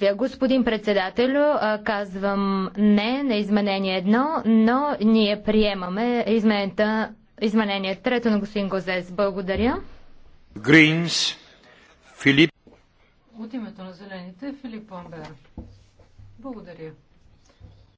действия. Господин председател, казвам не на изменение едно, но ние приемаме измененията, изменение трето на господин Гозес. Благодаря. Гринс, Филип. От името на зелените Филип Амбер. Благодаря.